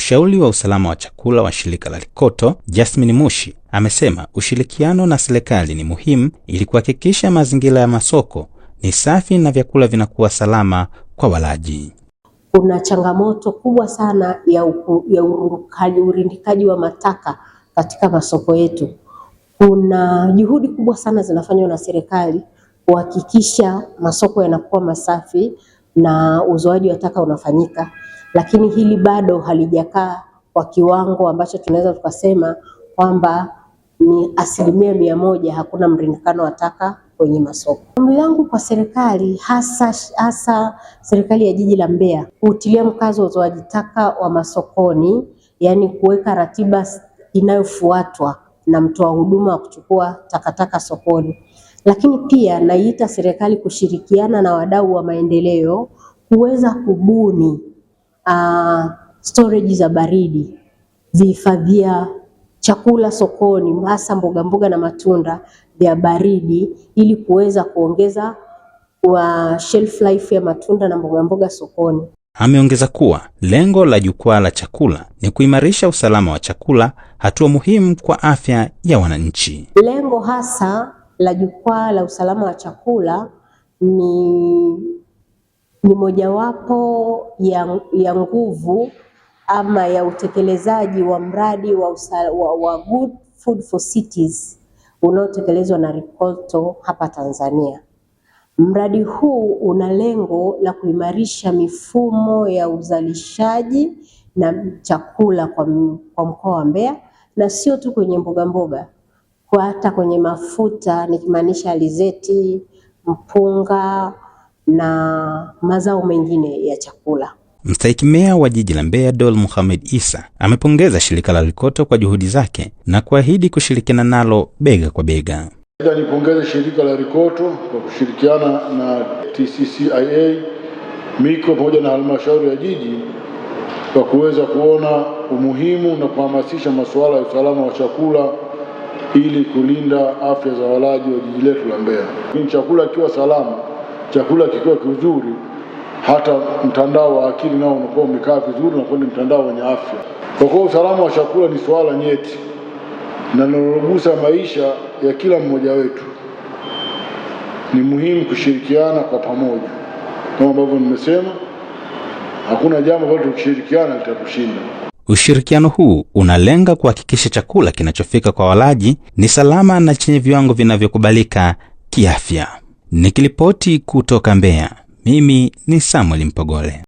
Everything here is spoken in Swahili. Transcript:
Mshauri wa usalama wa chakula wa shirika la Likoto, Jasmine Mushi, amesema ushirikiano na serikali ni muhimu ili kuhakikisha mazingira ya masoko ni safi na vyakula vinakuwa salama kwa walaji. Kuna changamoto kubwa sana ya, upu, ya urukaji, urindikaji wa mataka katika masoko yetu. Kuna juhudi kubwa sana zinafanywa na serikali kuhakikisha masoko yanakuwa masafi na uzoaji wa taka unafanyika, lakini hili bado halijakaa kwa kiwango ambacho tunaweza tukasema kwamba ni asilimia mia moja hakuna mrindikano wa taka kwenye masoko. Ombi langu kwa serikali hasa hasa serikali ya jiji la Mbeya kutilia mkazo wa uzoaji taka wa masokoni, yaani kuweka ratiba inayofuatwa na mtoa huduma wa kuchukua takataka sokoni. Lakini pia naiita serikali kushirikiana na wadau wa maendeleo kuweza kubuni uh, storage za baridi, vihifadhia chakula sokoni, hasa mboga mboga na matunda vya baridi, ili kuweza kuongeza wa shelf life ya matunda na mboga mboga sokoni. Ameongeza kuwa lengo la jukwaa la chakula ni kuimarisha usalama wa chakula, hatua muhimu kwa afya ya wananchi. Lengo hasa la jukwaa la usalama wa chakula ni, ni mojawapo ya, ya nguvu ama ya utekelezaji wa mradi wa, usala, wa, wa Good Food for Cities unaotekelezwa na RECOLTO hapa Tanzania. Mradi huu una lengo la kuimarisha mifumo ya uzalishaji na chakula kwa, kwa mkoa wa Mbeya na sio tu kwenye mbogamboga mboga. Kwa hata kwenye mafuta nikimaanisha alizeti, mpunga na mazao mengine ya chakula. Mstahiki meya wa jiji la Mbeya Dol muhamed Isa amepongeza shirika la Likoto kwa juhudi zake na kuahidi kushirikiana nalo bega kwa bega. Nipongeze shirika la Likoto kwa kushirikiana na TCCIA, miko pamoja na halmashauri ya jiji kwa kuweza kuona umuhimu na kuhamasisha masuala ya usalama wa chakula ili kulinda afya za walaji wa jiji letu la Mbeya. Ni chakula kikiwa salama, chakula kikiwa kizuri, hata mtandao wa akili nao unakuwa umekaa vizuri, na ni mtandao wenye afya. Kwa kuwa usalama wa chakula ni swala nyeti na linalogusa maisha ya kila mmoja wetu, ni muhimu kushirikiana kwa pamoja. Kama ambavyo nimesema, hakuna jambo ambalo tukishirikiana litakushinda Ushirikiano huu unalenga kuhakikisha chakula kinachofika kwa walaji ni salama na chenye viwango vinavyokubalika kiafya. Nikilipoti kutoka Mbeya, mimi ni Samuel Mpogole.